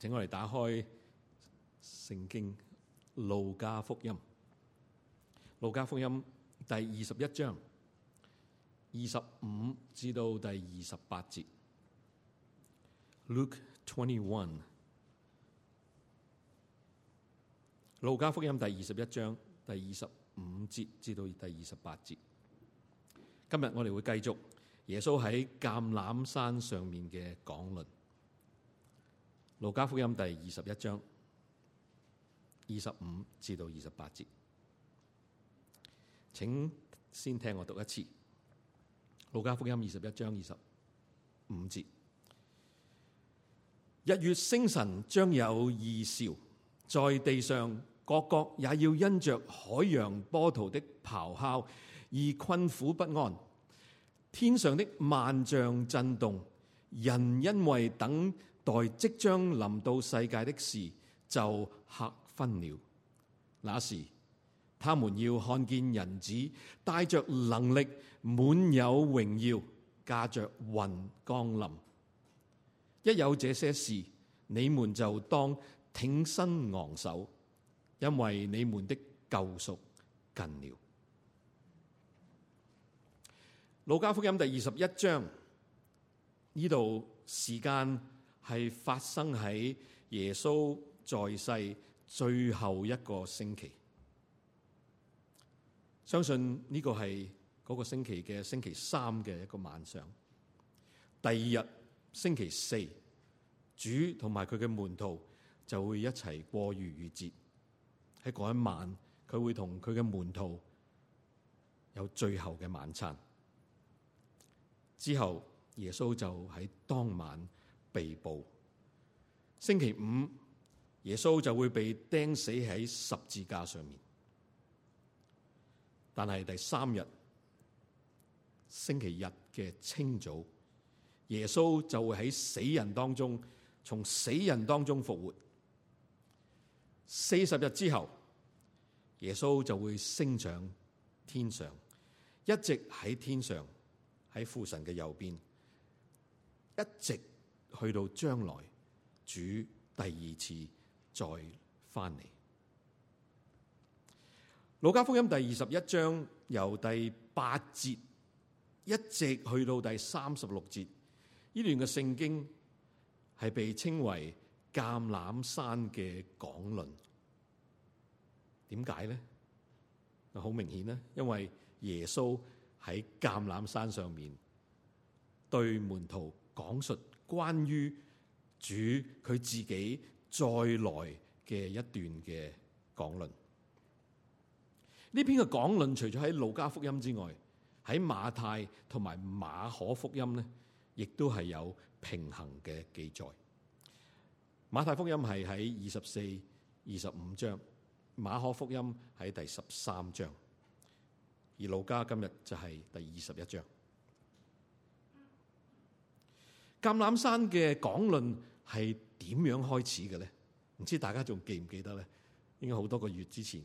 請我哋打開聖《聖經路加福音》，路加福音第二十一章二十五至到第二十八節。Luke twenty one，路加福音第二十一章第二十五節至到第二十八節。今日我哋會繼續耶穌喺橄欖山上面嘅講論。路加福音第二十一章二十五至到二十八節，請先聽我讀一次。路加福音二十一章二十五節：日月星辰將有異兆，在地上各國也要因着海洋波濤的咆哮而困苦不安；天上的萬象震動，人因為等。待即將臨到世界的事就嚇昏了，那時他們要看見人子帶着能力，滿有榮耀駕着雲降臨。一有這些事，你們就當挺身昂首，因為你們的救贖近了。《路加福音》第二十一章，呢度時間。係發生喺耶穌在世最後一個星期，相信呢個係嗰個星期嘅星期三嘅一個晚上。第二日星期四，主同埋佢嘅門徒就會一齊過逾越節。喺嗰一晚，佢會同佢嘅門徒有最後嘅晚餐。之後，耶穌就喺當晚。被捕，星期五耶穌就會被釘死喺十字架上面。但係第三日，星期日嘅清早，耶穌就會喺死人當中，從死人當中復活。四十日之後，耶穌就會升上天上，一直喺天上，喺父神嘅右邊，一直。去到將來，主第二次再翻嚟。《路加福音》第二十一章由第八節一直去到第三十六節，呢段嘅聖經係被稱為橄欖山嘅講論。點解呢？好明顯呢，因為耶穌喺橄欖山上面對門徒講述。關於主佢自己再來嘅一段嘅講論，呢篇嘅講論除咗喺路加福音之外，喺馬太同埋馬可福音呢亦都係有平衡嘅記載。馬太福音係喺二十四、二十五章，馬可福音喺第十三章，而路加今日就係第二十一章。橄欖山嘅講論係點樣開始嘅咧？唔知道大家仲記唔記得咧？應該好多個月之前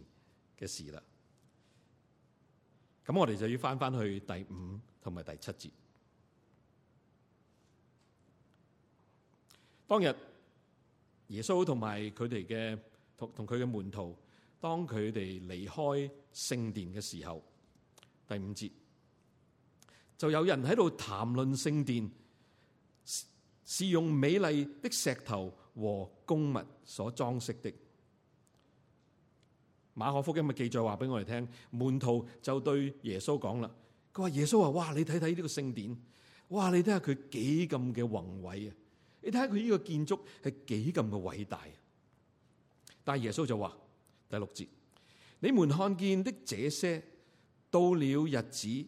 嘅事啦。咁我哋就要翻翻去第五同埋第七節。當日耶穌同埋佢哋嘅同同佢嘅門徒，當佢哋離開聖殿嘅時候，第五節就有人喺度談論聖殿。是用美麗的石頭和供物所裝飾的。馬可福音嘅記載話俾我哋聽，門徒就對耶穌講啦，佢話耶穌話、啊，哇，你睇睇呢個聖殿，哇，你睇下佢幾咁嘅宏偉啊！你睇下佢呢個建築係幾咁嘅偉大啊！但係耶穌就話，第六節，你們看見的這些，到了日子。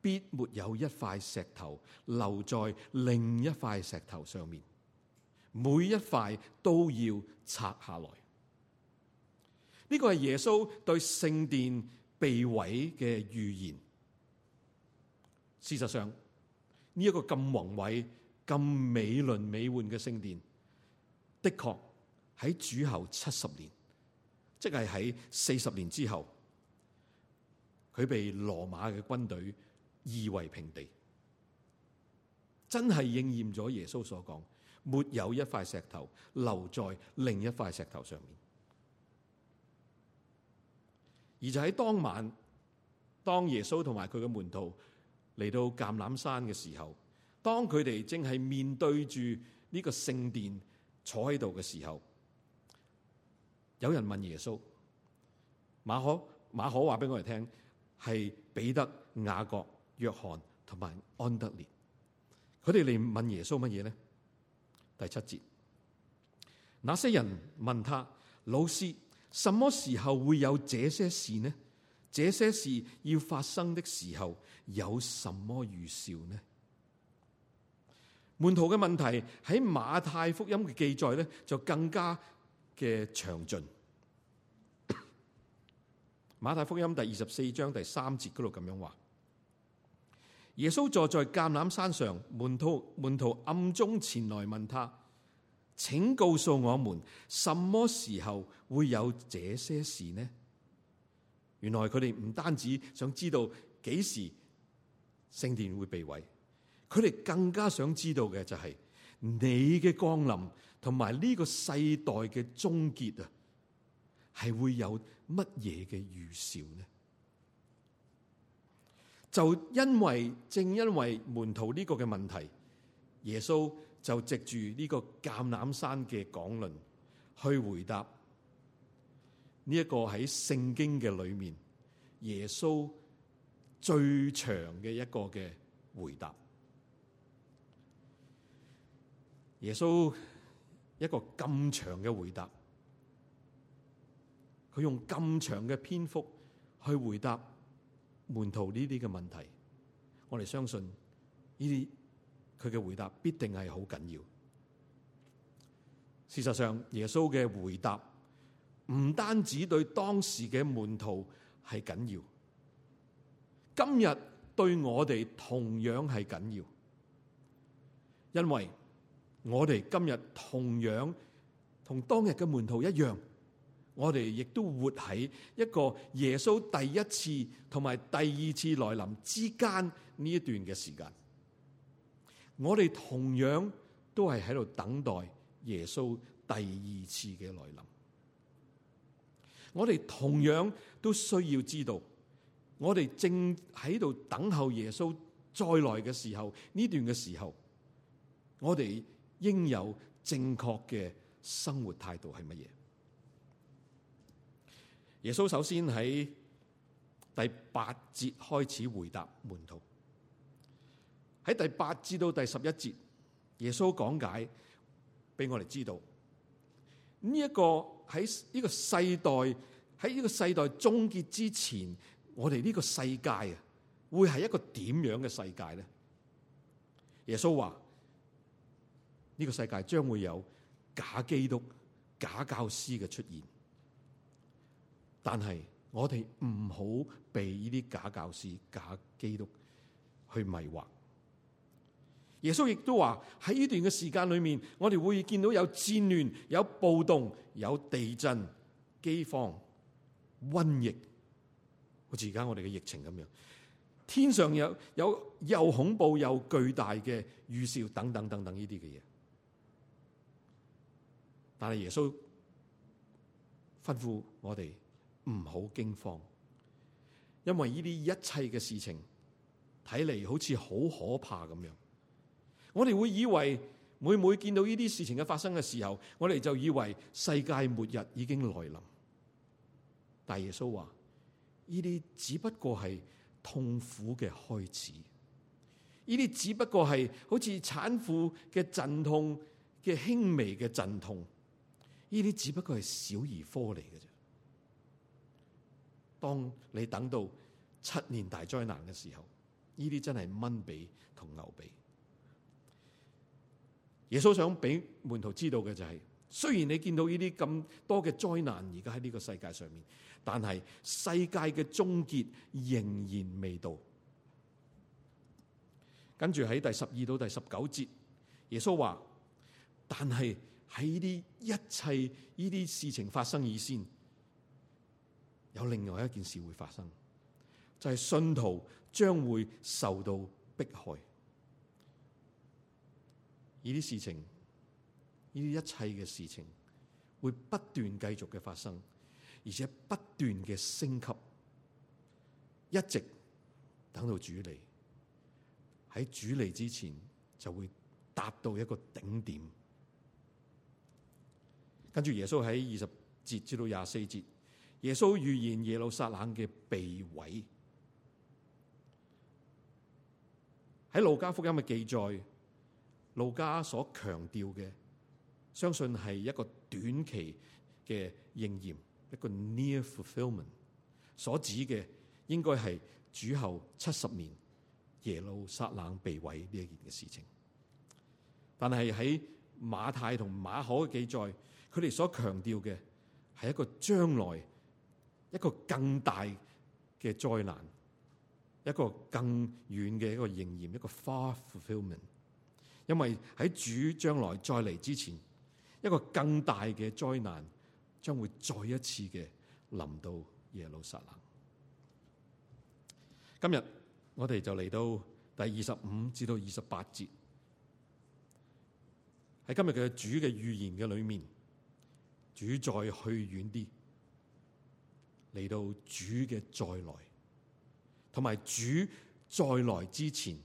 必沒有一塊石頭留在另一塊石頭上面，每一塊都要拆下來。呢個係耶穌對聖殿被毀嘅預言。事實上，呢一個咁宏偉、咁美輪美奐嘅聖殿，的確喺主後七十年，即係喺四十年之後，佢被羅馬嘅軍隊。夷為平地，真係應驗咗耶穌所講，沒有一塊石頭留在另一塊石頭上面。而就喺當晚，當耶穌同埋佢嘅門徒嚟到橄欖山嘅時候，當佢哋正係面對住呢個聖殿坐喺度嘅時候，有人問耶穌，馬可，馬可話俾我哋聽係彼得雅各、約翰同埋安德烈，佢哋嚟問耶穌乜嘢呢？第七節，那些人問他：老師，什麼時候會有這些事呢？這些事要發生的時候，有什麼預兆呢？門徒嘅問題喺馬太福音嘅記載咧，就更加嘅詳盡。馬太福音第二十四章第三節嗰度咁樣話。耶穌坐在橄欖山上，門徒門徒暗中前來問他，請告訴我們什麼時候會有這些事呢？原來佢哋唔單止想知道幾時聖殿會被毀，佢哋更加想知道嘅就係、是、你嘅降臨同埋呢個世代嘅終結啊，係會有乜嘢嘅預兆呢？就因為，正因為門徒呢個嘅問題，耶穌就藉住呢個橄欖山嘅講論去回答。呢一個喺聖經嘅裏面，耶穌最長嘅一個嘅回答。耶穌一個咁長嘅回答，佢用咁長嘅篇幅去回答。門徒呢啲嘅問題，我哋相信呢啲佢嘅回答必定係好緊要。事實上，耶穌嘅回答唔單止對當時嘅門徒係緊要，今日對我哋同樣係緊要，因為我哋今日同樣同當日嘅門徒一樣。我哋亦都活喺一個耶穌第一次同埋第二次來臨之間呢一段嘅時間，我哋同樣都係喺度等待耶穌第二次嘅來臨。我哋同樣都需要知道，我哋正喺度等候耶穌再來嘅時候，呢段嘅時候，我哋應有正確嘅生活態度係乜嘢？耶穌首先喺第八節開始回答門徒，喺第八節到第十一節，耶穌講解俾我哋知道呢一個，喺呢個世代，喺呢個世代終結之前，我哋呢個世界啊會係一個點樣嘅世界咧？耶穌話呢個世界將會有假基督、假教師嘅出現。但係我哋唔好俾呢啲假教師、假基督去迷惑。耶穌亦都話喺呢段嘅時間裏面，我哋會見到有戰亂、有暴動、有地震、饑荒、瘟疫，好似而家我哋嘅疫情咁樣。天上有有又恐怖又巨大嘅預兆，等等等等呢啲嘅嘢。但係耶穌吩咐我哋，唔好驚慌，因為呢啲一切嘅事情睇嚟，好似好可怕咁樣，我哋會以為每每見到呢啲事情嘅發生嘅時候，我哋就以為世界末日已經來臨。但耶穌話：呢啲只不過係痛苦嘅開始，呢啲只不過係好似產婦嘅陣痛嘅輕微嘅陣痛，呢啲只不過係小兒科嚟嘅啫。當你等到七年大災難嘅時候，呢啲真係蚊髀同牛髀。耶穌想俾門徒知道嘅就係、是，雖然你見到呢啲咁多嘅災難而家喺呢個世界上面，但係世界嘅終結仍然未到。跟住喺第十二到第十九節，耶穌話：但係喺呢一切呢啲事情發生以先。」有另外一件事會發生，就係信徒將會受到迫害。呢啲事情，呢啲一切嘅事情，會不斷繼續嘅發生，而且不斷嘅升級，一直等到主嚟。喺主嚟之前，就會達到一個頂點。跟住耶穌喺二十節至到廿四節。耶穌預言耶路撒冷嘅被毀，喺路加福音嘅記載，路加所強調嘅，相信係一個短期嘅應驗，一個 near fulfillment，所指嘅應該係主後七十年耶路撒冷被毀呢一件嘅事情。但係喺馬太同馬可嘅記載，佢哋所強調嘅係一個將來。一個更大嘅災難，一個更遠嘅一個應驗，一個 far fulfillment。因為喺主將來再嚟之前，一個更大嘅災難將會再一次嘅臨到耶路撒冷。今日我哋就嚟到第二十五至到二十八節，喺今日嘅主嘅預言嘅裏面，主再去遠啲。嚟到主嘅再來，同埋主再來之前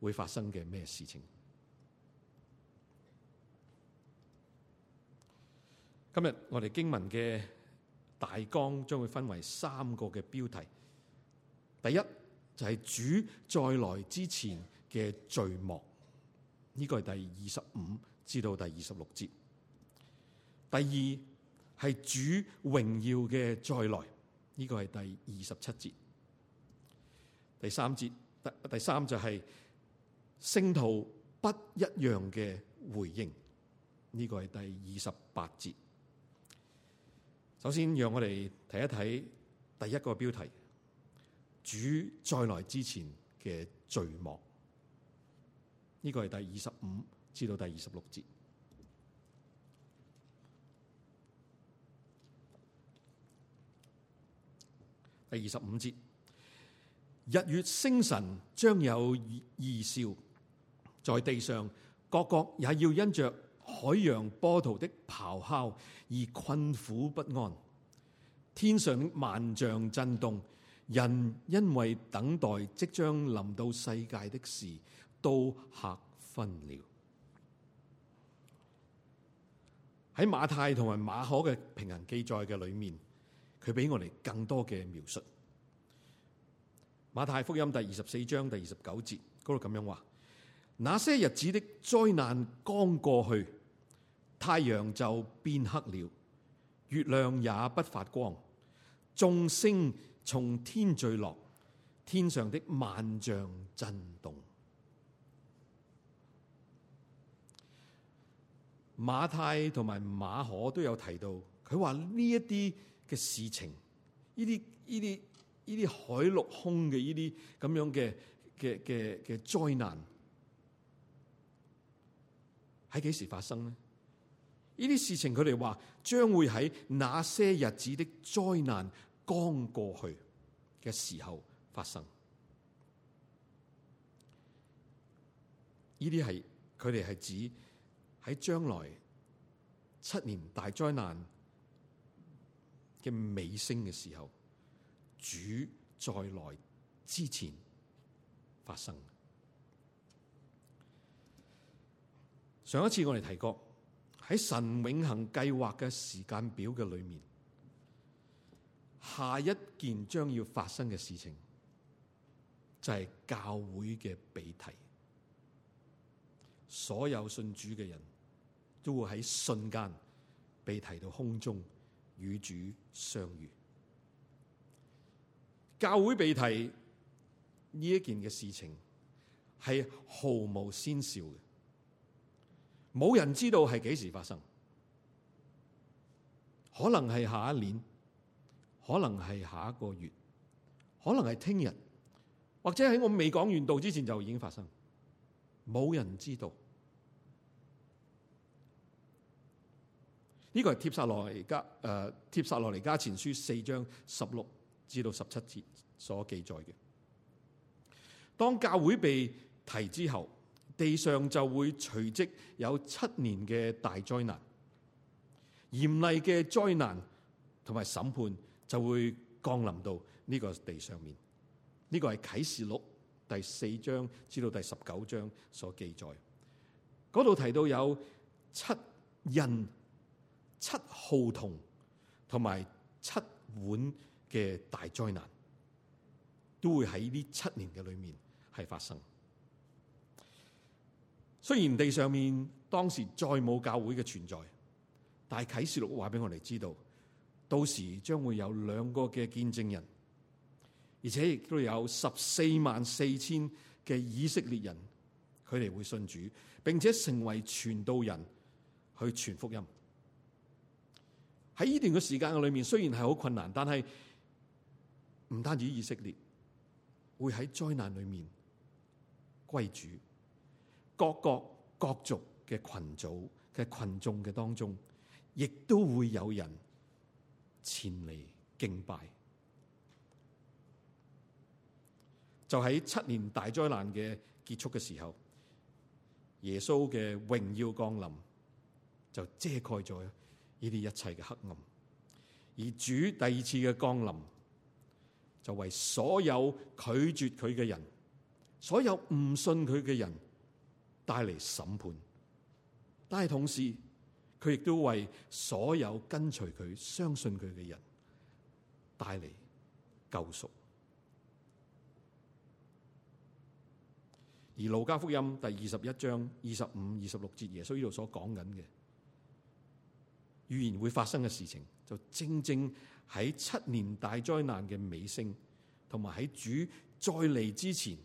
會發生嘅咩事情？今日我哋經文嘅大綱將會分為三個嘅標題。第一就係主再來之前嘅序幕，呢個係第二十五至到第二十六節。第二。係主榮耀嘅再來，呢個係第二十七節。第三節，第第三就係、是、聖徒不一樣嘅回應，呢個係第二十八節。首先，讓我哋睇一睇第一個標題：主再來之前嘅序幕。呢個係第二十五至到第二十六節。第二十五節，日月星辰將有異兆，在地上各國也要因着海洋波濤的咆哮而困苦不安，天上的萬象震動，人因為等待即將臨到世界的事，都嚇昏了。喺馬太同埋馬可嘅平行記載嘅裏面。佢俾我哋更多嘅描述。馬太福音第二十四章第二十九節嗰度咁樣話：「那些日子的災難剛過去，太陽就變黑了，月亮也不發光，眾星從天墜落，天上的萬象震動。」馬太同埋馬可都有提到，佢話呢一啲嘅事情，呢啲呢啲呢啲海陸空嘅呢啲咁樣嘅嘅嘅嘅災難，喺幾時發生呢？呢啲事情佢哋話將會喺那些日子的災難剛過去嘅時候發生。呢啲係佢哋係指喺將來七年大災難嘅尾聲嘅時候，主再來之前發生。上一次我哋提過喺神永恒計劃嘅時間表嘅裏面，下一件將要發生嘅事情就係教會嘅被提，所有信主嘅人都會喺瞬間被提到空中。與主相遇，教會被提呢一件嘅事情係毫無先兆嘅，冇人知道係幾時發生，可能係下一年，可能係下一個月，可能係聽日，或者喺我未講完道之前就已經發生，冇人知道。呢個係帖撒羅尼加誒，帖撒羅尼加前書四章十六至到十七節所記載嘅。當教會被提之後，地上就會隨即有七年嘅大災難，嚴厲嘅災難同埋審判就會降臨到呢個地上面。呢、這個係啟示錄第四章至到第十九章所記載。嗰度提到有七印。七號同同埋七碗嘅大災難都會喺呢七年嘅裏面係發生。雖然地上面當時再冇教會嘅存在，但係啟示錄話俾我哋知道，到時將會有兩個嘅見證人，而且亦都有十四萬四千嘅以色列人，佢哋會信主，並且成為傳道人去傳福音。喺呢段嘅時間嘅裏面，雖然係好困難，但係唔單止以色列會喺災難裏面歸主，各國各族嘅群組嘅群眾嘅當中，亦都會有人前嚟敬拜。就喺七年大災難嘅結束嘅時候，耶穌嘅榮耀降臨就遮蓋咗。呢啲一切嘅黑暗，而主第二次嘅降臨，就為所有拒絕佢嘅人，所有唔信佢嘅人帶嚟審判；但係同時，佢亦都為所有跟隨佢、相信佢嘅人帶嚟救贖。而路加福音第二十一章二十五、二十六節，耶穌呢度所講緊嘅。預言會發生嘅事情，就正正喺七年大災難嘅尾聲，同埋喺主再嚟之前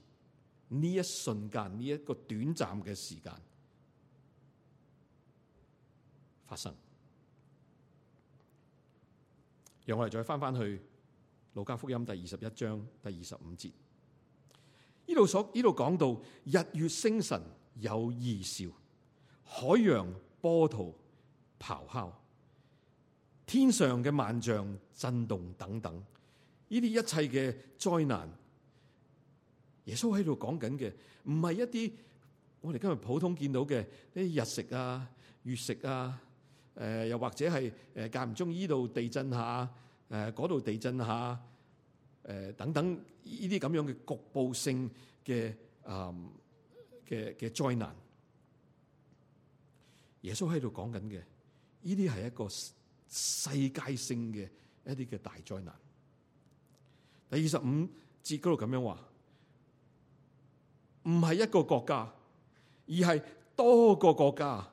呢一瞬間，呢一個短暫嘅時間發生。讓我哋再翻翻去《路加福音》第二十一章第二十五節，呢度所呢度講到日月星辰有異兆，海洋波濤咆哮。天上嘅萬象震動等等，呢啲一切嘅災難，耶穌喺度講緊嘅，唔係一啲我哋今日普通見到嘅啲日食啊、月食啊，誒、呃，又或者係誒、呃、間唔中呢度地震下，誒嗰度地震下，誒、呃、等等呢啲咁樣嘅局部性嘅啊嘅嘅災難，耶穌喺度講緊嘅，呢啲係一個。世界性嘅一啲嘅大災難，第二十五節嗰度咁樣話，唔係一個國家，而係多個國家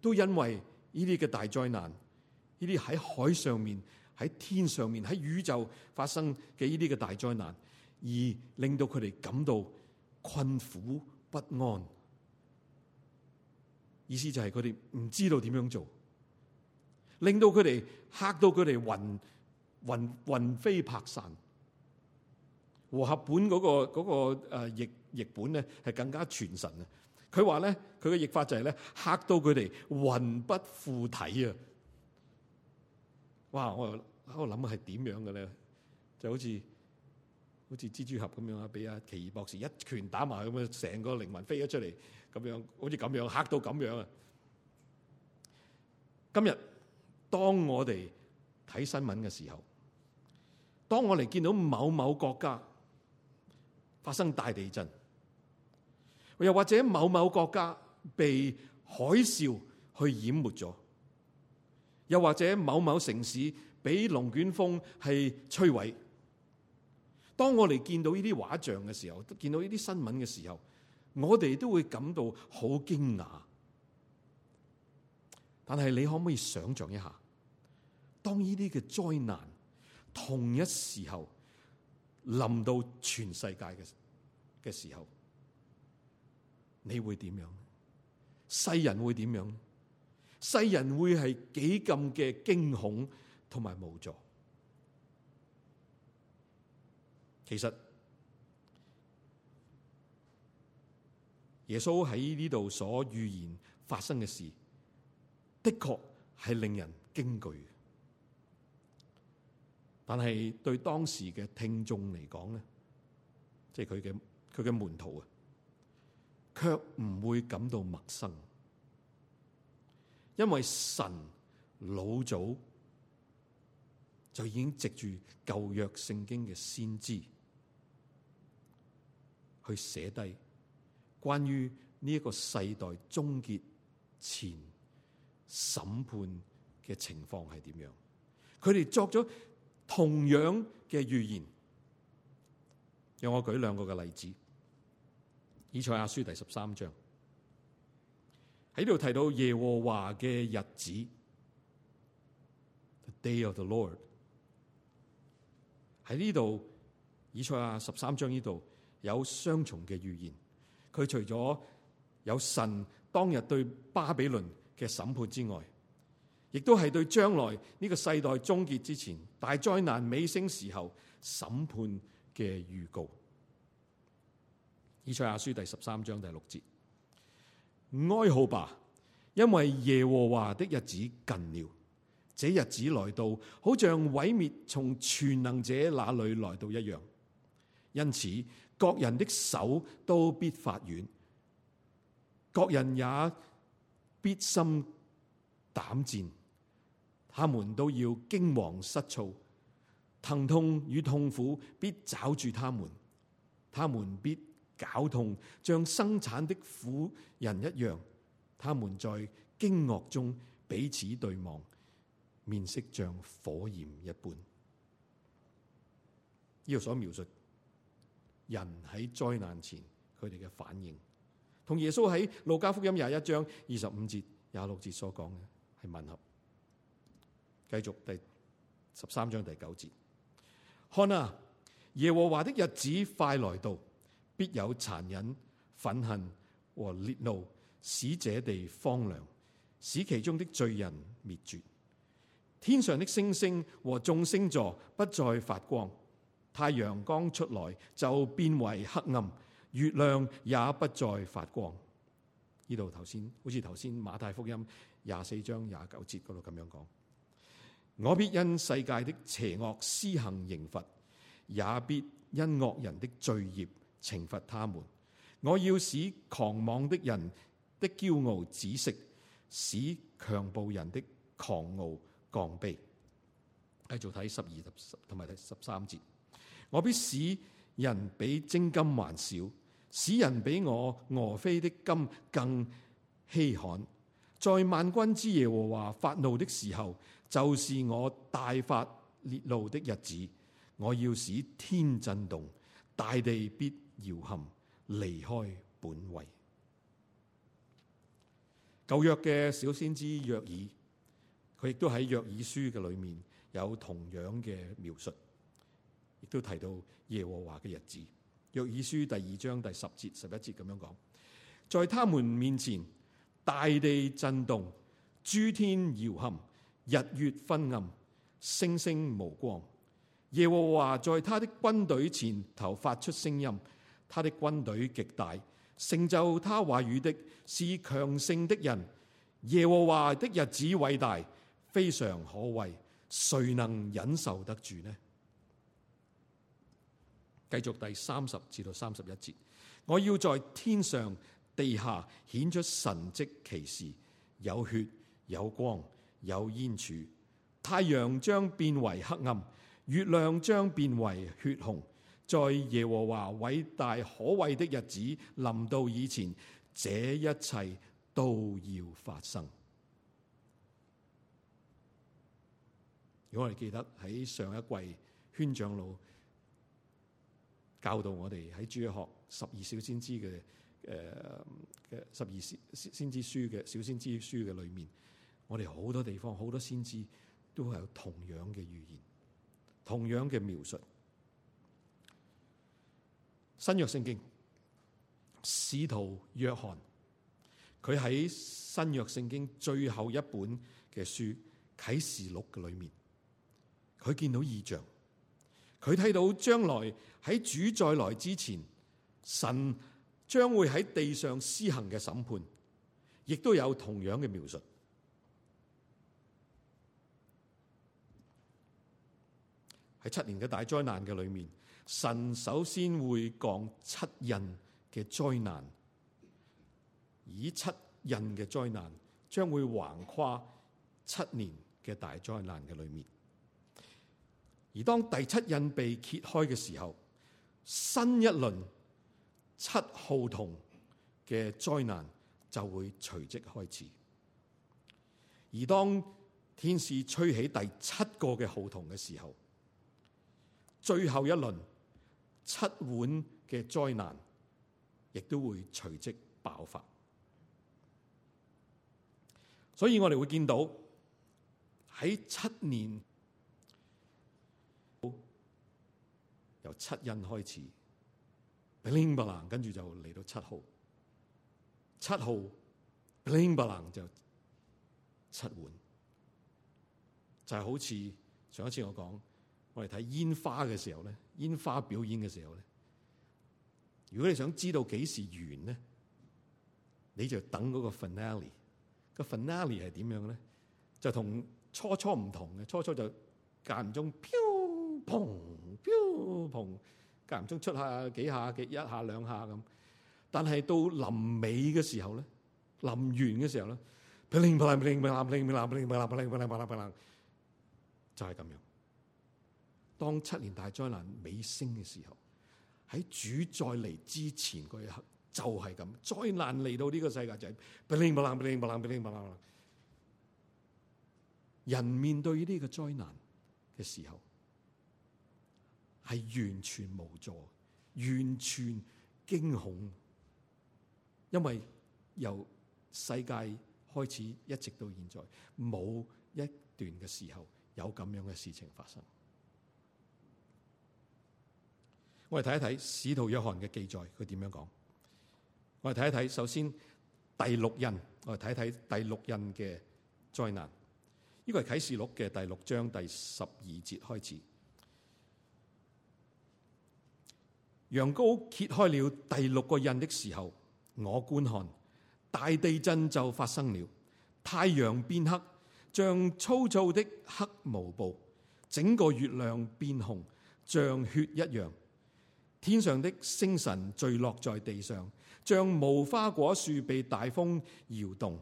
都因為呢啲嘅大災難，呢啲喺海上面、喺天上面、喺宇宙發生嘅呢啲嘅大災難，而令到佢哋感到困苦不安。意思就係佢哋唔知道點樣做。令到佢哋嚇到佢哋魂魂魂飛魄散。和合本嗰個嗰個誒譯譯本咧係更加傳神啊！佢話咧佢嘅譯法就係咧，嚇到佢哋魂不附體啊！哇！我又喺度諗係點樣嘅咧，就好似好似蜘蛛俠咁樣啊！俾阿奇異博士一拳打埋咁樣，成個靈魂飛咗出嚟，咁樣好似咁樣嚇到咁樣啊！今日。當我哋睇新聞嘅時候，當我哋見到某某國家發生大地震，又或者某某國家被海嘯去淹沒咗，又或者某某城市俾龍捲風係摧毀，當我哋見到呢啲畫像嘅時候，見到呢啲新聞嘅時候，我哋都會感到好驚訝。但係你可唔可以想象一下？當呢啲嘅災難同一時候臨到全世界嘅時候，你會點樣？世人會點樣？世人會係幾咁嘅驚恐同埋無助？其實耶穌喺呢度所預言發生嘅事，的確係令人驚懼。但係對當時嘅聽眾嚟講咧，即係佢嘅佢嘅門徒啊，卻唔會感到陌生，因為神老早就已經藉住舊約聖經嘅先知去寫低關於呢一個世代終結前審判嘅情況係點樣，佢哋作咗。同樣嘅預言，讓我舉兩個嘅例子。以賽亞書第十三章喺度提到耶和華嘅日子，The Day of the Lord。喺呢度，以賽亞十三章呢度有雙重嘅預言。佢除咗有神當日對巴比倫嘅審判之外，亦都係對將來呢個世代終結之前，大災難尾聲時候審判嘅預告。以賽亞書第十三章第六節：哀號吧，因為耶和華的日子近了，這日子來到，好像毀滅從全能者那裏來到一樣。因此，各人的手都必發軟，各人也必心膽戰。他們都要驚惶失措，疼痛與痛苦必抓住他們，他們必絞痛，像生產的婦人一樣。他們在驚愕中彼此對望，面色像火焰一般。呢度所描述人喺災難前佢哋嘅反應，同耶穌喺路加福音廿一章二十五節廿六節所講嘅係吻合。繼續第十三章第九節，看啊，耶和華的日子快來到，必有殘忍、憤恨和烈怒，使這地荒涼，使其中的罪人滅絕。天上的星星和眾星座不再發光，太陽剛出來就變為黑暗，月亮也不再發光。呢度頭先，好似頭先馬太福音廿四章廿九節嗰度咁樣講。我必因世界的邪惡施行刑罰，也必因惡人的罪孽懲罰他們。我要使狂妄的人的驕傲止息，使強暴人的狂傲降卑。繼續睇十二十同埋睇十三節，我必使人比精金還少，使人比我俄斐的金更稀罕。在萬軍之耶和華發怒的時候。就是我大發烈怒的日子，我要使天震動，大地必搖撼，離開本位。舊約嘅小先知約爾，佢亦都喺約爾書嘅裏面有同樣嘅描述，亦都提到耶和華嘅日子。約爾書第二章第十節、十一節咁樣講，在他們面前，大地震動，諸天搖撼。日月昏暗，星星無光。耶和華在他的軍隊前頭發出聲音，他的軍隊極大，成就他話語的是強盛的人。耶和華的日子偉大，非常可畏，誰能忍受得住呢？繼續第三十至到三十一節，我要在天上、地下顯出神蹟奇事，有血，有光。有煙柱，太陽將變為黑暗，月亮將變為血紅。在耶和華偉大可畏的日子臨到以前，這一切都要發生。如果我哋記得喺上一季圈長老教導我哋喺主學十二小先知嘅誒嘅十二先先知書嘅小先知書嘅裏面。我哋好多地方，好多先知都係有同樣嘅預言，同樣嘅描述。新約聖經，使徒約翰佢喺新約聖經最後一本嘅書《啟示錄》嘅裏面，佢見到異象，佢睇到將來喺主再來之前，神將會喺地上施行嘅審判，亦都有同樣嘅描述。喺七年嘅大災難嘅裏面，神首先會降七印嘅災難，以七印嘅災難將會橫跨七年嘅大災難嘅裏面。而當第七印被揭開嘅時候，新一輪七號筒嘅災難就會隨即開始。而當天使吹起第七個嘅號筒嘅時候，最後一輪七碗嘅災難，亦都會隨即爆發。所以我哋會見到喺七年，由七印開始，bling bling，跟住就嚟到七號，七號 bling bling 就七碗，就係、是、好似上一次我講。我哋睇煙花嘅時候咧，煙花表演嘅時候咧，如果你想知道幾時完咧，你就等嗰個 finale。個 finale 係點樣咧？就同初初唔同嘅，初初就間唔中飄蓬、飄蓬，間唔中出下幾下嘅一下兩下咁。但係到臨尾嘅時候咧，臨完嘅時候咧，就係、是、咁樣。當七年大災難尾聲嘅時候，喺主再嚟之前嗰一刻就係咁。災難嚟到呢個世界就係，人面對呢個災難嘅時候係完全無助、完全驚恐，因為由世界開始一直到現在，冇一段嘅時候有咁樣嘅事情發生。我哋睇一睇使徒約翰嘅記載，佢點樣講？我哋睇一睇，首先第六印，我哋睇一睇第六印嘅災難。呢個係啟示錄嘅第六章第十二節開始。羊羔揭開了第六個印的時候，我觀看大地震就發生了，太陽變黑，像粗糙的黑毛布；整個月亮變紅，像血一樣。天上的星辰墜落在地上，像無花果樹被大風搖動，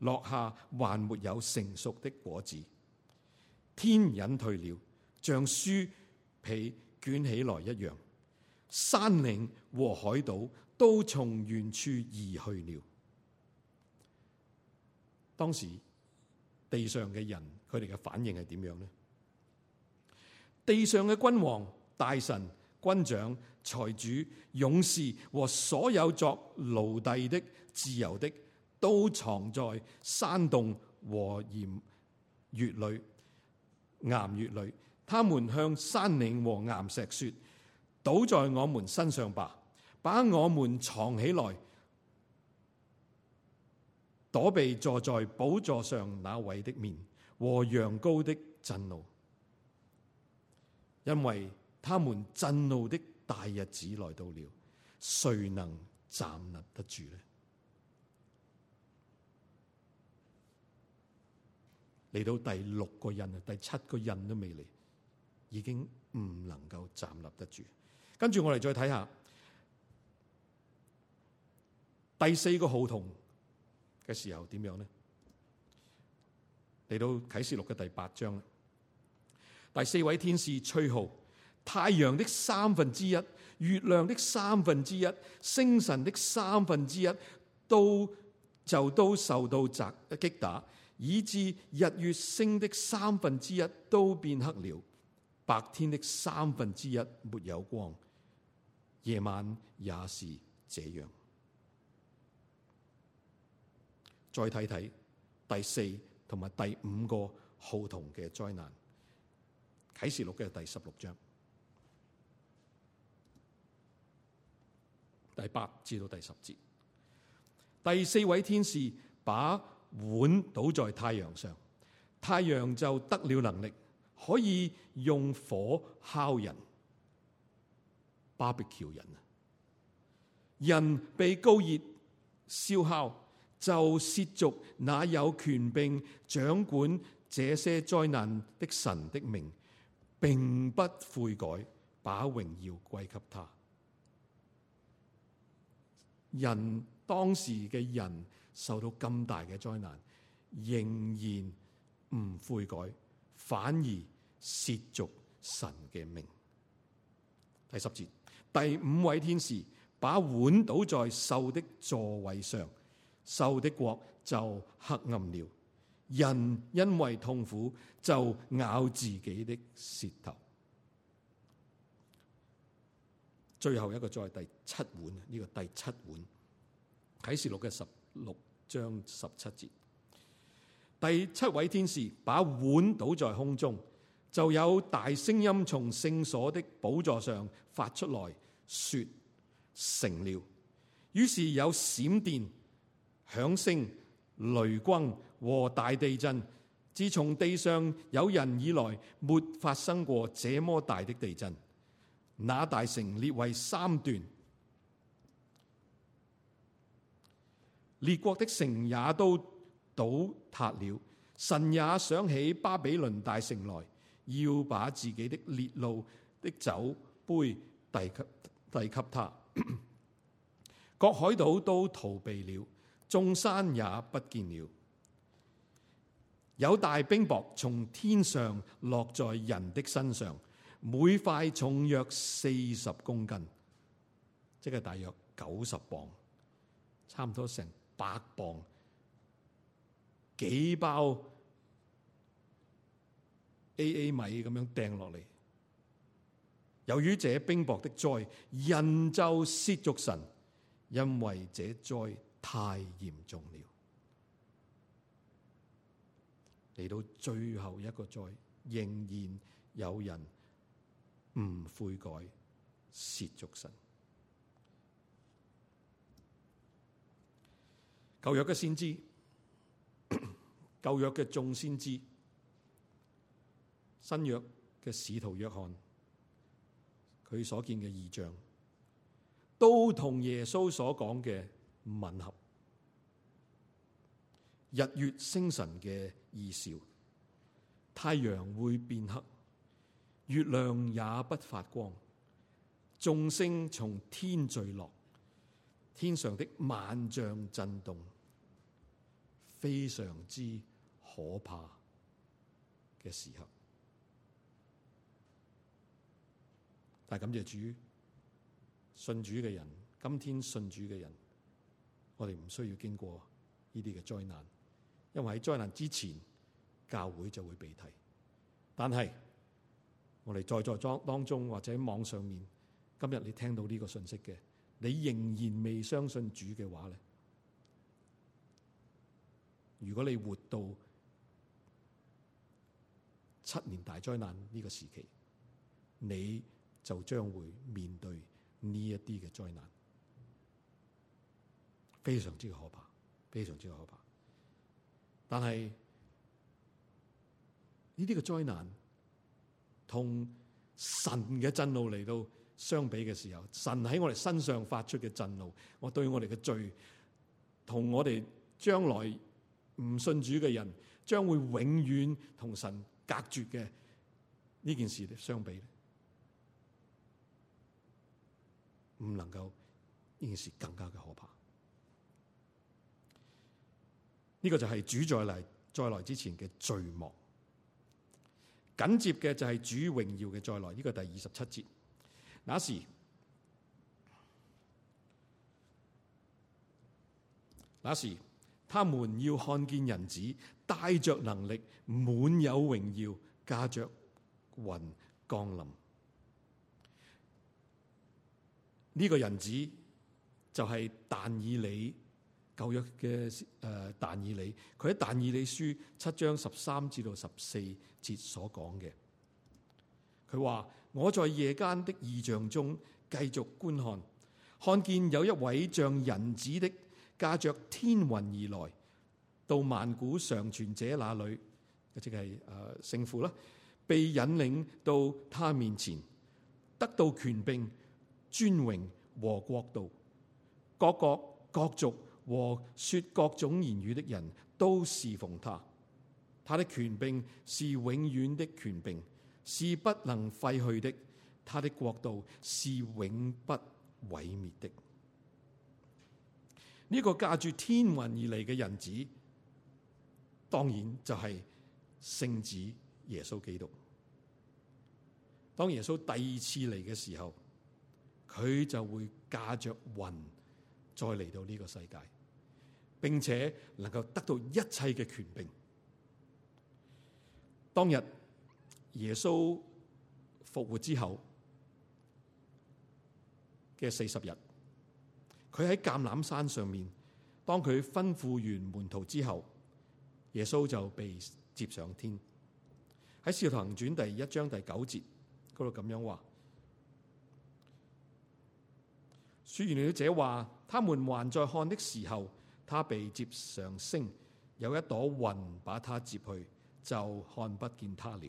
落下還沒有成熟的果子。天隱退了，像書被捲起來一樣。山嶺和海島都從遠處移去了。當時地上嘅人，佢哋嘅反應係點樣呢？地上嘅君王、大臣、軍長。財主、勇士和所有作奴隸的、自由的，都藏在山洞和岩穴裏、岩穴裏。他們向山嶺和岩石說：倒在我們身上吧，把我們藏起來，躲避坐在寶座上那位的面和羊羔的震怒，因為他們震怒的。大日子來到了，誰能站立得住呢？嚟到第六個印啊，第七個印都未嚟，已經唔能夠站立得住。跟住我哋再睇下第四個號筒嘅時候點樣呢？嚟到啟示錄嘅第八章，第四位天使吹號。太陽的三分之一、月亮的三分之一、星辰的三分之一，都就都受到襲擊打，以致日月星的三分之一都變黑了。白天的三分之一沒有光，夜晚也是這樣。再睇睇第四同埋第五個號筒嘅災難，《啟示錄》嘅第十六章。第八至到第十節，第四位天使把碗倒在太陽上，太陽就得了能力，可以用火烤人。BBQ 人，人被高熱燒烤，就褻瀆那有權柄掌管這些災難的神的命，並不悔改，把榮耀歸給他。人當時嘅人受到咁大嘅災難，仍然唔悔改，反而褻瀆神嘅命。第十節，第五位天使把碗倒在獸的座位上，獸的國就黑暗了。人因為痛苦就咬自己的舌頭。最後一個再第七碗呢、這個第七碗啟示錄嘅十六章十七節，第七位天使把碗倒在空中，就有大聲音從聖所的寶座上發出來，說：成了。於是有閃電、響聲、雷轟和大地震。自從地上有人以來，沒發生過這麼大的地震。那大城列為三段，列國的城也都倒塌了。神也想起巴比倫大城來，要把自己的烈怒的酒杯遞給、遞給他。各海島都逃避了，眾山也不見了。有大冰雹從天上落在人的身上。每塊重約四十公斤，即係大約九十磅，差唔多成百磅，幾包 AA 米咁樣掟落嚟。由於這冰雹的災，人就褻瀆神，因為這災太嚴重了。嚟到最後一個災，仍然有人。唔悔改，褻瀆神。舊約嘅先知，舊約嘅眾先知，新約嘅使徒約翰，佢所見嘅異象，都同耶穌所講嘅吻合。日月星辰嘅異兆，太陽會變黑。月亮也不發光，眾星從天墜落，天上的萬象震動，非常之可怕嘅時刻。但感謝主，信主嘅人，今天信主嘅人，我哋唔需要經過呢啲嘅災難，因為喺災難之前，教會就會被提，但係。我哋在座當中或者網上面，今日你聽到呢個信息嘅，你仍然未相信主嘅話咧？如果你活到七年大災難呢個時期，你就將會面對呢一啲嘅災難，非常之可怕，非常之可怕。但係呢啲嘅災難。同神嘅震怒嚟到相比嘅時候，神喺我哋身上發出嘅震怒，我對我哋嘅罪，同我哋將來唔信主嘅人，將會永遠同神隔絕嘅呢件事咧，相比唔能夠呢件事更加嘅可怕。呢、這個就係主再嚟，再來之前嘅序幕。緊接嘅就係主榮耀嘅再來，呢、這個第二十七節。那時，那時，他們要看見人子帶着能力、滿有榮耀、駕着雲降臨。呢、這個人子就係但以理舊約嘅誒、呃、但以理，佢喺但以理書七章十三至到十四節所講嘅，佢話：我在夜間的異象中繼續觀看，看見有一位像人子的駕着天雲而來，到萬古常存者那裡，即係誒聖父啦，被引領到他面前，得到權柄、尊榮和國度，各國各族和說各種言語的人都侍奉他。他的權柄是永遠的權柄，是不能廢去的。他的國度是永不毀滅的。呢個駕住天雲而嚟嘅人子，當然就係聖子耶穌基督。當耶穌第二次嚟嘅時候，佢就會駕着雲再嚟到呢個世界，並且能夠得到一切嘅權柄。當日耶穌復活之後嘅四十日，佢喺橄欖山上面，當佢吩咐完門徒之後，耶穌就被接上天。喺《使徒行傳》第一章第九節嗰度咁樣話：說完了這話，他們還在看的時候，他被接上升，有一朵雲把他接去。就看不見他了。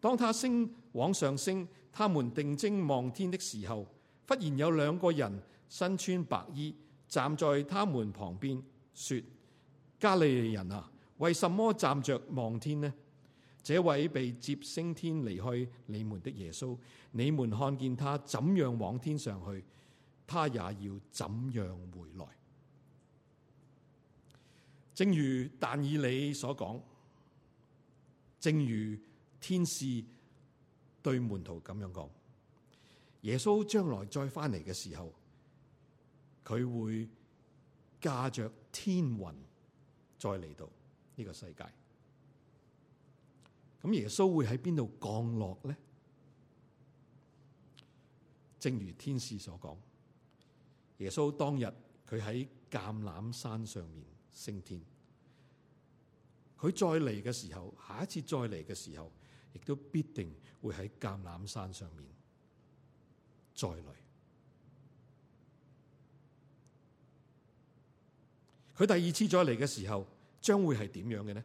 當他升往上升，他們定睛望天的時候，忽然有兩個人身穿白衣站在他們旁邊，說：加利利人啊，為什麼站着望天呢？這位被接升天離開你們的耶穌，你們看見他怎樣往天上去，他也要怎樣回來。正如但以理所講。正如天使對門徒咁樣講，耶穌將來再翻嚟嘅時候，佢會駕着天雲再嚟到呢個世界。咁耶穌會喺邊度降落咧？正如天使所講，耶穌當日佢喺橄欖山上面升天，佢再嚟嘅時候，下一次再嚟嘅時候，亦都必定會喺橄欖山上面再嚟。佢第二次再嚟嘅時候，將會係點樣嘅呢？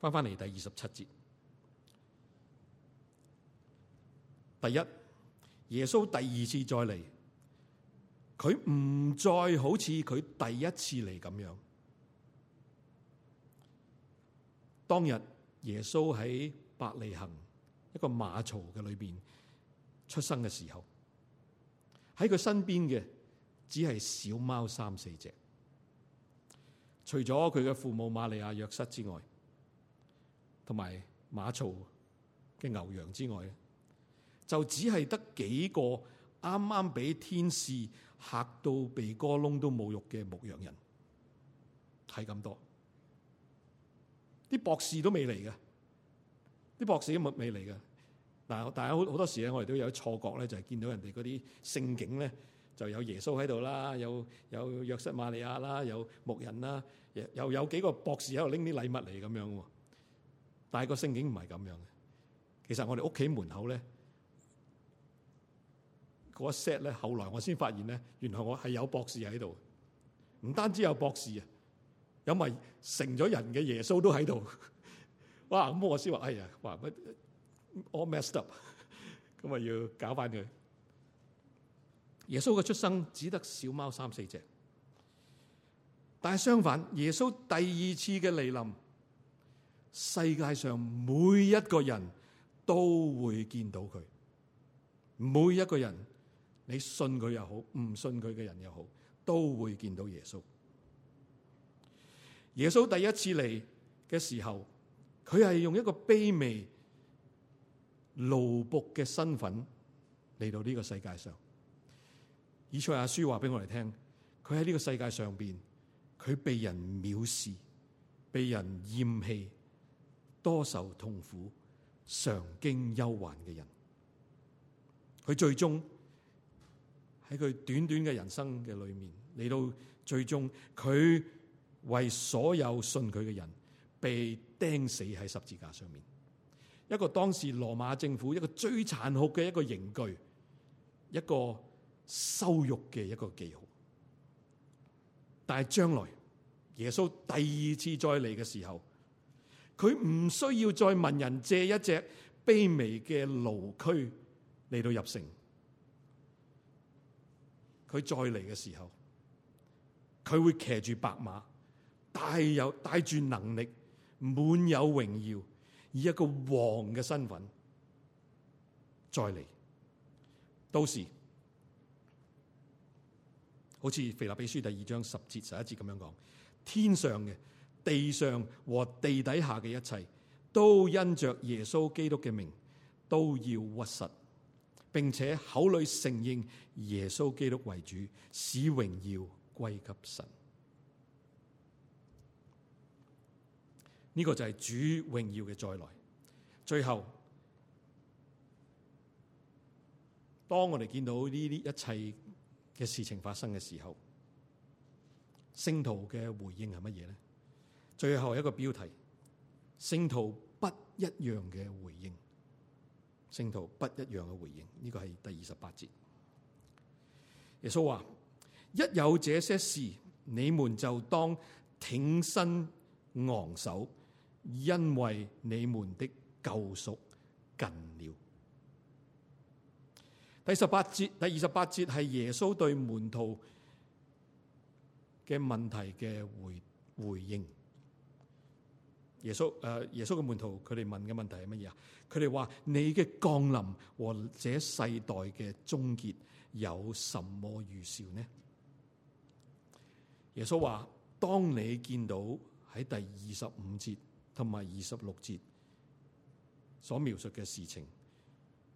翻翻嚟，第二十七節，第一，耶穌第二次再嚟，佢唔再好似佢第一次嚟咁樣。.當日耶穌喺伯利恒一個馬槽嘅裏邊出生嘅時候，喺佢身邊嘅只係小貓三四隻，除咗佢嘅父母瑪利亞、約瑟之外，同埋馬槽嘅牛羊之外，就只係得幾個啱啱俾天使嚇到鼻哥窿都冇肉嘅牧羊人，係咁多。啲博士都未嚟㗎，啲博士都未未嚟㗎。但係但係好好多時咧，我哋都有錯覺咧，就係見到人哋嗰啲聖景咧，就有耶穌喺度啦，有有約瑟瑪利亞啦，有牧人啦，又有幾個博士喺度拎啲禮物嚟咁樣。但係個聖景唔係咁樣嘅。其實我哋屋企門口咧嗰一 set 咧，後來我先發現咧，原來我係有博士喺度，唔單止有博士啊。因為成咗人嘅耶穌都喺度，哇！咁、嗯、我先話，哎呀，話乜 all messed up，咁咪要搞翻佢。耶穌嘅出生只得小貓三四隻，但係相反，耶穌第二次嘅嚟臨，世界上每一個人都會見到佢。每一個人，你信佢又好，唔信佢嘅人又好，都會見到耶穌。耶穌第一次嚟嘅時候，佢係用一個卑微、奴僕嘅身份嚟到呢個世界上。以賽亞書話俾我哋聽，佢喺呢個世界上面，佢被人藐視、被人厭棄、多受痛苦、常經憂患嘅人。佢最終喺佢短短嘅人生嘅裏面，嚟到最終佢。他為所有信佢嘅人被釘死喺十字架上面，一個當時羅馬政府一個最殘酷嘅一個刑具，一個羞辱嘅一個記號。但係將來耶穌第二次再嚟嘅時候，佢唔需要再問人借一隻卑微嘅驢駒嚟到入城。佢再嚟嘅時候，佢會騎住白馬。帶有帶住能力，滿有榮耀，以一個王嘅身份再嚟。到時好似《腓立比書》第二章十節十一節咁樣講：天上嘅、地上和地底下嘅一切，都因着耶穌基督嘅名都要屈實，並且口裏承認耶穌基督為主，使榮耀歸給神。呢、這個就係主榮耀嘅再來。最後，當我哋見到呢啲一切嘅事情發生嘅時候，聖徒嘅回應係乜嘢咧？最後一個標題：聖徒不一樣嘅回應。聖徒不一樣嘅回應，呢、這個係第二十八節。耶穌話：一有這些事，你們就當挺身昂首。因為你們的救贖近了。第十八節、第二十八節係耶穌對門徒嘅問題嘅回回應。耶穌誒、呃，耶穌嘅門徒佢哋問嘅問題係乜嘢啊？佢哋話：你嘅降臨和這世代嘅終結有什麼預兆呢？耶穌話：當你見到喺第二十五節。同埋二十六節所描述嘅事情，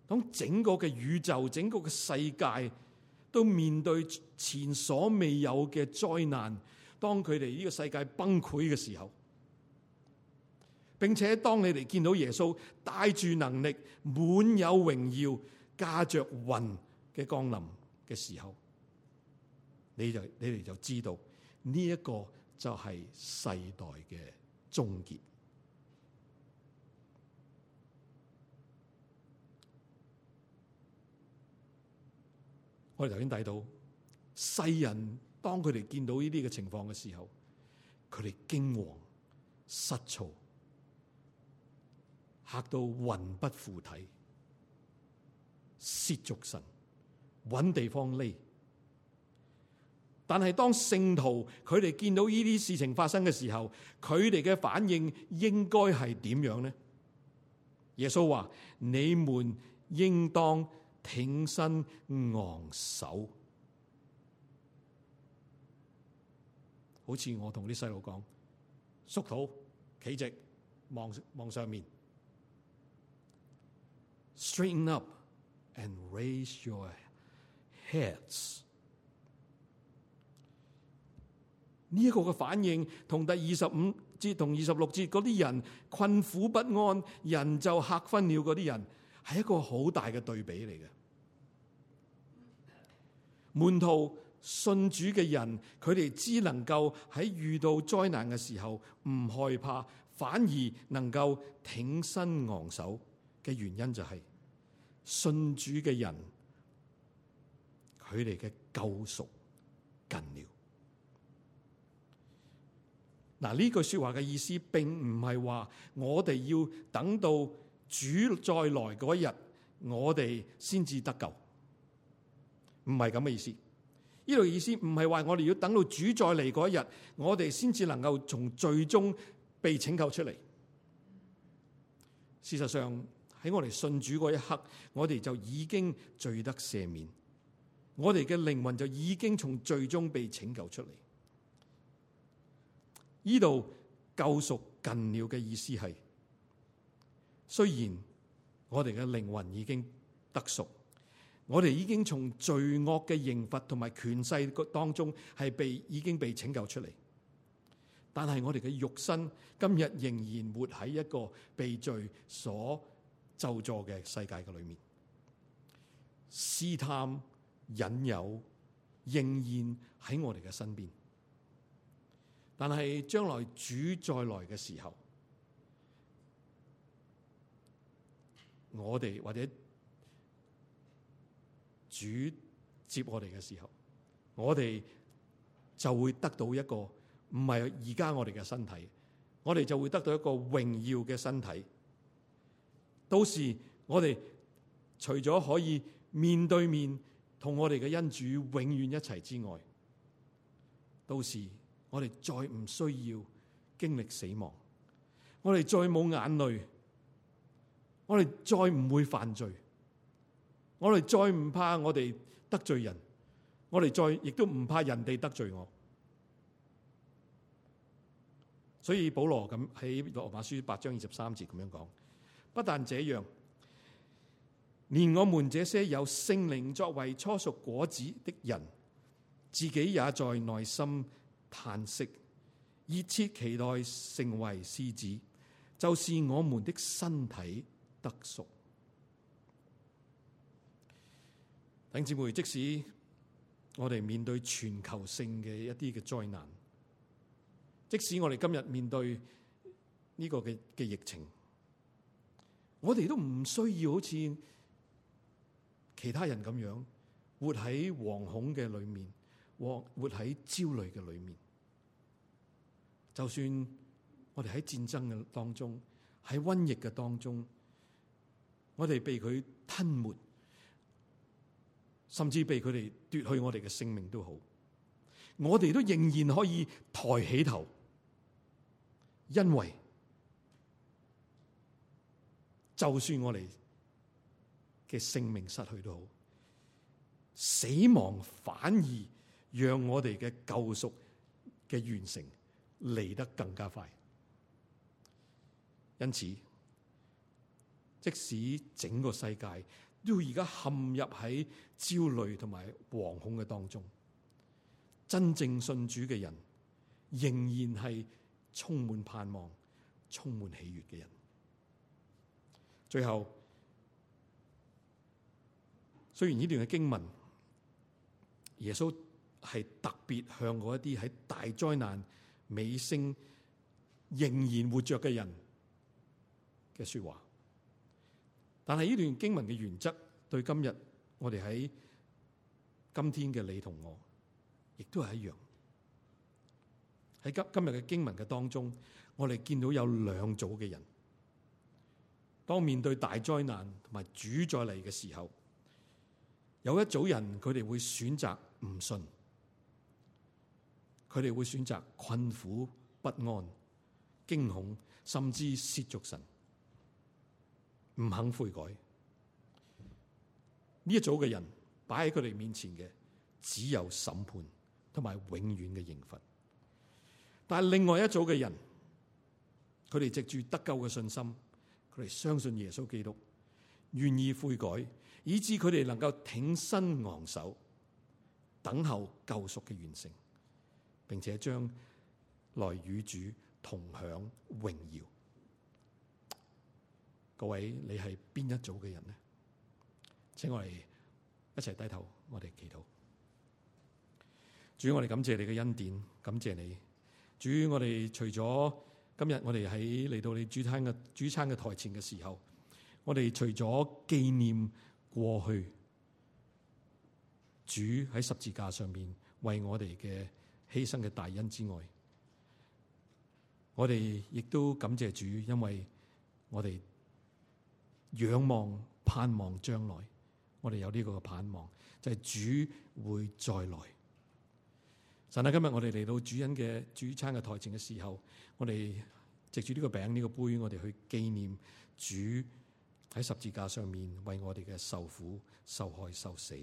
當整個嘅宇宙，整個嘅世界都面對前所未有嘅災難，當佢哋呢個世界崩潰嘅時候，並且當你哋見到耶穌帶住能力、滿有榮耀、駕着雲嘅降臨嘅時候，你就你哋就知道呢一個就係世代嘅終結。我哋頭先提到，世人當佢哋見到呢啲嘅情況嘅時候，佢哋驚惶、失措、嚇到魂不附體、褻瀆神、搵地方匿。但係當聖徒佢哋見到呢啲事情發生嘅時候，佢哋嘅反應應該係點樣呢？耶穌話：你們應當。挺身昂首，好似我同啲細路講，縮肚企直望望上面，straighten up and raise your heads。呢一個嘅反應，同第二十五節同二十六節啲人困苦不安，人就嚇昏了啲人，係一個好大嘅對比嚟嘅。門徒信主嘅人，佢哋只能夠喺遇到災難嘅時候唔害怕，反而能夠挺身昂首嘅原因就係、是、信主嘅人，佢哋嘅救贖近了。嗱，呢句說話嘅意思，並唔係話我哋要等到主再來嗰一日，我哋先至得救。唔係咁嘅意思，呢度意思唔係話我哋要等到主再嚟嗰一日，我哋先至能夠從罪中被拯救出嚟。事實上喺我哋信主嗰一刻，我哋就已經罪得赦免，我哋嘅靈魂就已經從罪中被拯救出嚟。呢度救贖近了嘅意思係，雖然我哋嘅靈魂已經得贖。我哋已經從罪惡嘅刑罰同埋權勢個當中係被已經被拯救出嚟，但係我哋嘅肉身今日仍然活喺一個被罪所咒詛嘅世界嘅裏面，試探引誘仍然喺我哋嘅身邊，但係將來主再來嘅時候，我哋或者。主接我哋嘅時候，我哋就會得到一個唔係而家我哋嘅身體，我哋就會得到一個榮耀嘅身體。到時我哋除咗可以面對面同我哋嘅恩主永遠一齊之外，到時我哋再唔需要經歷死亡，我哋再冇眼淚，我哋再唔會犯罪。我哋再唔怕我哋得罪人，我哋再亦都唔怕人哋得罪我。所以保羅咁喺羅馬書八章二十三節咁樣講，不但這樣，連我們這些有聖靈作為初熟果子的人，自己也在內心嘆息，熱切期待成為嗣子，就是我們的身體得贖。弟兄姊妹，即使我哋面對全球性嘅一啲嘅災難，即使我哋今日面對呢個嘅嘅疫情，我哋都唔需要好似其他人咁樣活喺惶恐嘅裏面，或活喺焦慮嘅裏面。就算我哋喺戰爭嘅當中，喺瘟疫嘅當中，我哋被佢吞沒，甚至被佢哋奪去我哋嘅性命都好，我哋都仍然可以抬起頭，因為就算我哋嘅性命失去都好，死亡反而讓我哋嘅救贖嘅完成嚟得更加快。因此，即使整個世界。都而家陷入喺焦慮同埋惶恐嘅當中，真正信主嘅人仍然係充滿盼望，充滿喜悅嘅人。最後，雖然呢段嘅經文，耶穌係特別向嗰一啲喺大災難尾聲仍然活着嘅人嘅說話。但係呢段經文嘅原則，對今日我哋喺今天嘅你同我，亦都係一樣。喺今今日嘅經文嘅當中，我哋見到有兩組嘅人，當面對大災難同埋主再嚟嘅時候，有一組人佢哋會選擇唔信，佢哋會選擇困苦不安、驚恐，甚至褻瀆神。唔肯悔改，呢一組嘅人擺喺佢哋面前嘅，只有審判同埋永遠嘅刑罰。但係另外一組嘅人，佢哋藉住得救嘅信心，佢哋相信耶穌基督，願意悔改，以致佢哋能夠挺身昂首，等候救贖嘅完成，並且將來與主同享榮耀。各位，你係邊一組嘅人咧？請我哋一齊低頭，我哋祈禱。主，我哋感謝你嘅恩典，感謝你。主，我哋除咗今日我哋喺嚟到你主餐嘅主餐嘅台前嘅時候，我哋除咗紀念過去主喺十字架上面為我哋嘅犧牲嘅大恩之外，我哋亦都感謝主，因為我哋。仰望、盼望將來，我哋有呢個盼望，就係、是、主會再來。但係今日我哋嚟到主人嘅主餐嘅台前嘅時候，我哋藉住呢個餅、呢、這個杯，我哋去紀念主喺十字架上面為我哋嘅受苦、受害、受死，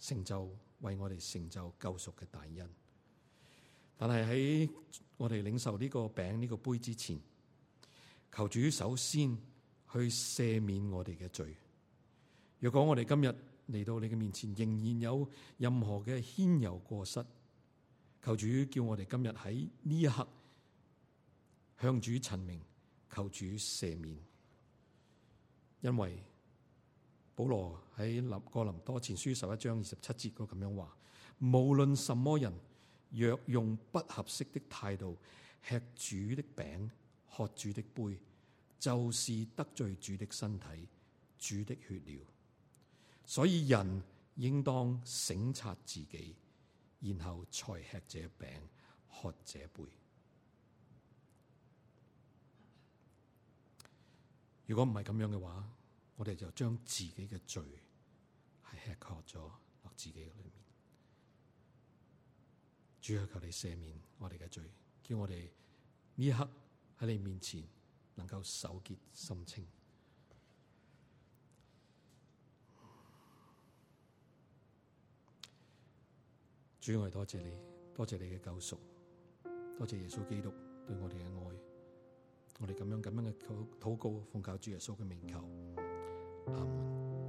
成就為我哋成就救贖嘅大恩。但係喺我哋領受呢個餅、呢、這個杯之前，求主首先。去赦免我哋嘅罪。若果我哋今日嚟到你嘅面前，仍然有任何嘅愆尤過失，求主叫我哋今日喺呢一刻向主陳明，求主赦免。因為保羅喺林哥林多前書十一章二十七節嗰咁樣話：無論什麼人，若用不合適的態度吃主的餅、喝主的杯，就是得罪主的身體、主的血了，所以人應當省察自己，然後才吃這餅、喝這杯。如果唔係咁樣嘅話，我哋就將自己嘅罪係吃喝咗落自己嘅裏面。主啊，求你赦免我哋嘅罪，叫我哋呢一刻喺你面前。能夠守潔心清，主要係多謝你，多謝你嘅救贖，多謝耶穌基督對我哋嘅愛，我哋咁樣咁樣嘅禱告，奉靠主耶穌嘅名求，阿門。